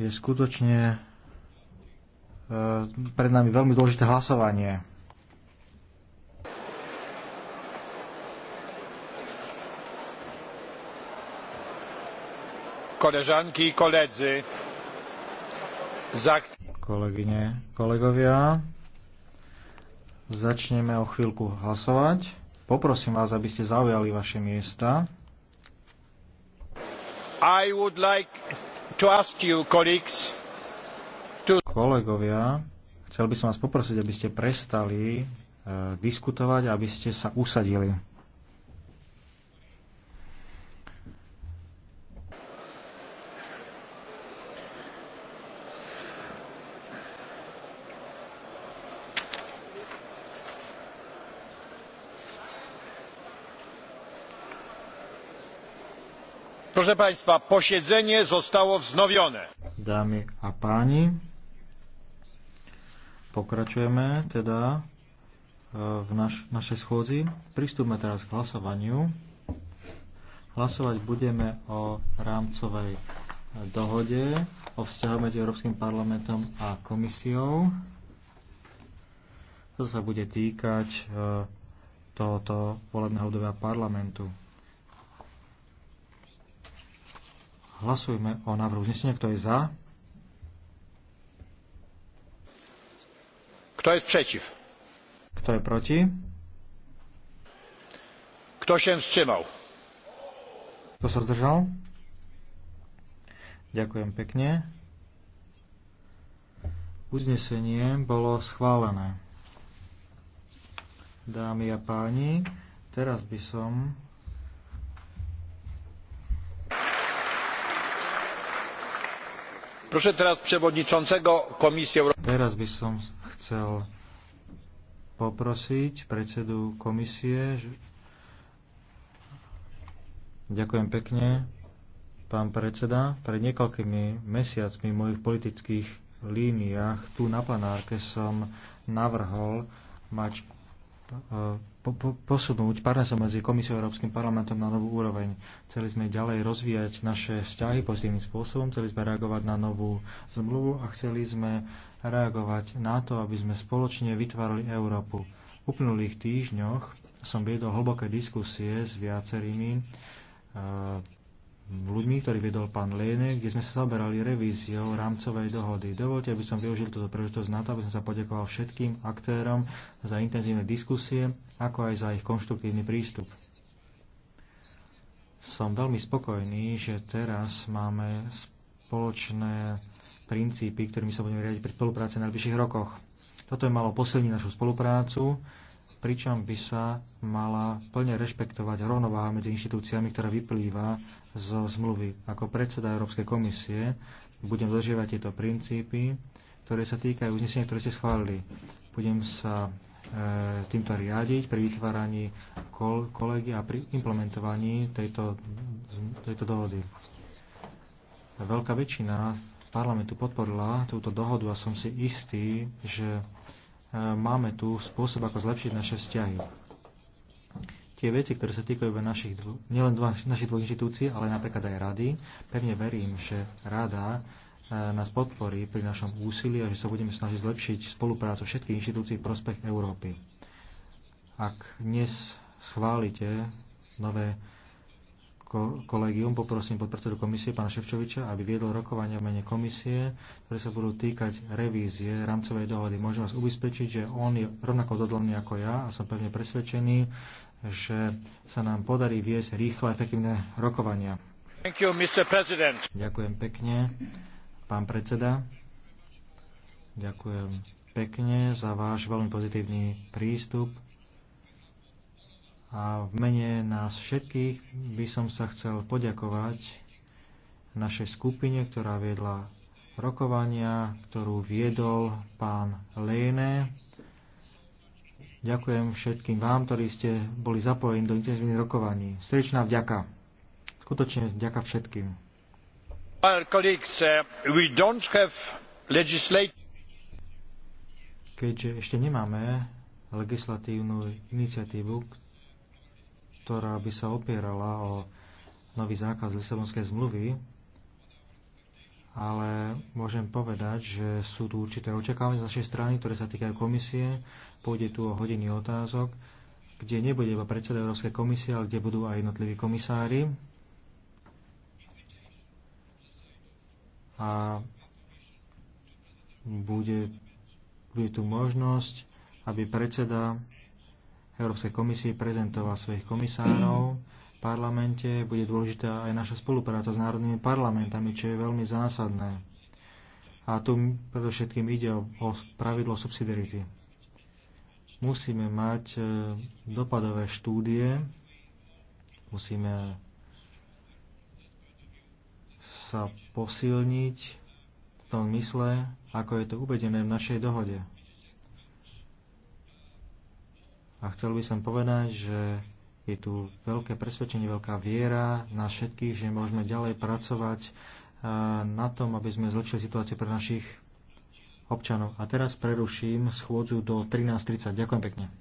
je skutočne e, pred nami veľmi dôležité hlasovanie. Koležanky, koledzy, za... kolegyne, kolegovia, začneme o chvíľku hlasovať. Poprosím vás, aby ste zaujali vaše miesta. I would like You, to... Kolegovia, chcel by som vás poprosiť, aby ste prestali e, diskutovať, aby ste sa usadili. Proszę Państwa, posiedzenie zostało wznowione. Dámy a páni, pokračujeme teda e, v naš, našej schôdzi. Pristúpme teraz k hlasovaniu. Hlasovať budeme o rámcovej e, dohode o vzťahu medzi Európskym parlamentom a komisiou. To sa bude týkať e, tohoto volebného obdobia parlamentu. Hlasujme o návrhu uznesenia. Kto je za? Kto je przeciw? Kto je proti? Kto się wstrzymał? Kto sa zdržal? Ďakujem pekne. Uznesenie bolo schválené. Dámy a páni, teraz by som Proszę teraz przewodniczącego Komisji Europejskiej. Teraz by som chcel poprosiť predsedu komisie. Ďakujem pekne, pán predseda. Pred niekoľkými mesiacmi v mojich politických líniách tu na plenárke som navrhol mať po, po, posunúť partnerstvo medzi Komisiou a Európskym parlamentom na novú úroveň. Chceli sme ďalej rozvíjať naše vzťahy pozitívnym spôsobom, chceli sme reagovať na novú zmluvu a chceli sme reagovať na to, aby sme spoločne vytvárali Európu. V uplynulých týždňoch som viedol hlboké diskusie s viacerými eh, ľuďmi, ktorý vedol pán Léne, kde sme sa zaberali revíziou rámcovej dohody. Dovolte, aby som využil túto príležitosť na to, aby som sa poďakoval všetkým aktérom za intenzívne diskusie, ako aj za ich konštruktívny prístup. Som veľmi spokojný, že teraz máme spoločné princípy, ktorými sa budeme riadiť pri spolupráci na najbližších rokoch. Toto je malo posilniť našu spoluprácu pričom by sa mala plne rešpektovať rovnováha medzi inštitúciami, ktorá vyplýva zo zmluvy. Ako predseda Európskej komisie budem dodržiavať tieto princípy, ktoré sa týkajú uznesenia, ktoré ste schválili. Budem sa e, týmto riadiť pri vytváraní kol, kolegy a pri implementovaní tejto, tejto dohody. Veľká väčšina parlamentu podporila túto dohodu a som si istý, že Eh, máme tu spôsob, ako zlepšiť naše vzťahy. Tie veci, ktoré sa týkajú našich dvo, nielen našich dvoch inštitúcií, ale napríklad aj rady, pevne verím, že rada eh, nás podporí pri našom úsilí a že sa budeme snažiť zlepšiť spoluprácu všetkých inštitúcií v prospech Európy. Ak dnes schválite nové kolegium, poprosím podpredsedu komisie, pána Ševčoviča, aby viedol rokovania v mene komisie, ktoré sa budú týkať revízie rámcovej dohody. Môžem vás ubezpečiť, že on je rovnako odhodlaný ako ja a som pevne presvedčený, že sa nám podarí viesť rýchle efektívne rokovania. You, Ďakujem pekne, pán predseda. Ďakujem pekne za váš veľmi pozitívny prístup a v mene nás všetkých by som sa chcel poďakovať našej skupine, ktorá viedla rokovania, ktorú viedol pán Lejne. Ďakujem všetkým vám, ktorí ste boli zapojení do intenzívnych rokovaní. Srdečná vďaka. Skutočne vďaka všetkým. Uh, Keďže ešte nemáme legislatívnu iniciatívu, ktorá by sa opierala o nový zákaz Lisabonskej zmluvy, ale môžem povedať, že sú tu určité očakávania z našej strany, ktoré sa týkajú komisie. Pôjde tu o hodiny otázok, kde nebude iba predseda Európskej komisie, ale kde budú aj jednotliví komisári. A bude, bude tu možnosť, aby predseda Európskej komisii prezentovať svojich komisárov v parlamente. Bude dôležitá aj naša spolupráca s národnými parlamentami, čo je veľmi zásadné. A tu predovšetkým ide o, o pravidlo subsidiarity. Musíme mať e, dopadové štúdie, musíme sa posilniť v tom mysle, ako je to uvedené v našej dohode. A chcel by som povedať, že je tu veľké presvedčenie, veľká viera na všetkých, že môžeme ďalej pracovať e, na tom, aby sme zlepšili situáciu pre našich občanov. A teraz preruším schôdzu do 13.30. Ďakujem pekne.